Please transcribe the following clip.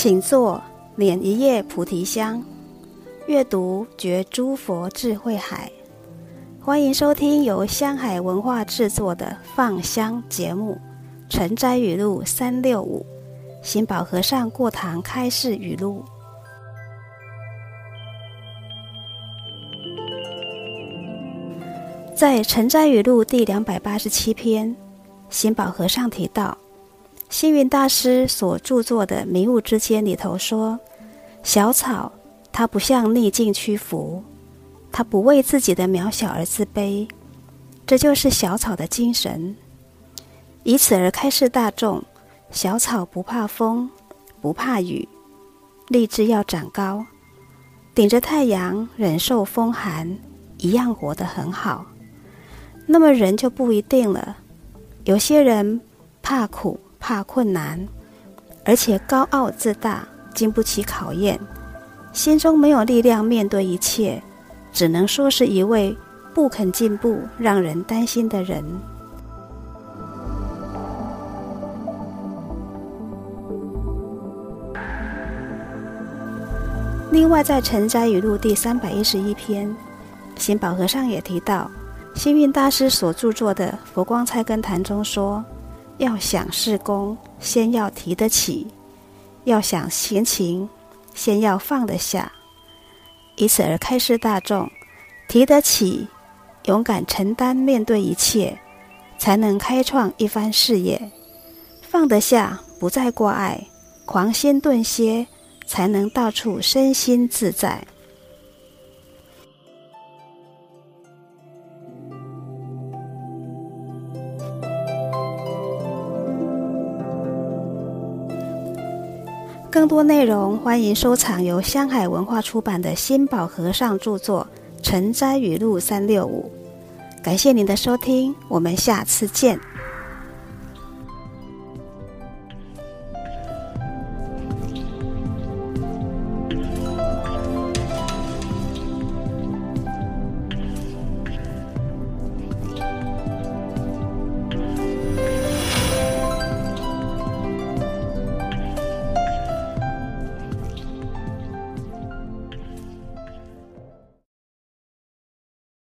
請坐，捻一葉菩提香，閱讀覺諸佛智慧海。歡迎收聽由香海文化製作的放香節目《晨齋語錄》三六五，心保和尚過堂開示語錄。在《晨齋語錄》第兩百八十七篇，心保和尚提到。星雲大師所著作的《迷悟之間》裡頭說：“小草，它不向逆境屈服，它不為自己的渺小而自卑，這就是小草的精神。以此而開示大眾，小草不怕風，不怕雨，立志要長高，頂着太陽，忍受風寒，一樣活得很好。那麼人就不一定了，有些人怕苦。”怕困難，而且高傲自大，經不起考驗，心中沒有力量面對一切，只能說是一位不肯進步、讓人擔心的人。另外，在《晨齋語錄》第三百一十一篇，心保和尚也提到，星雲大師所著作的《佛光菜根譚》中說。要想事功，先要提得起；要想閒情，先要放得下。以此而開示大眾，提得起，勇敢承擔，面對一切，才能開創一番事業；放得下，不再掛礙，狂心頓歇，才能到處身心自在。更多內容，歡迎收藏由香海文化出版的《心保和尚著作·晨齋語錄三六五》。感謝您的收聽，我們下次見。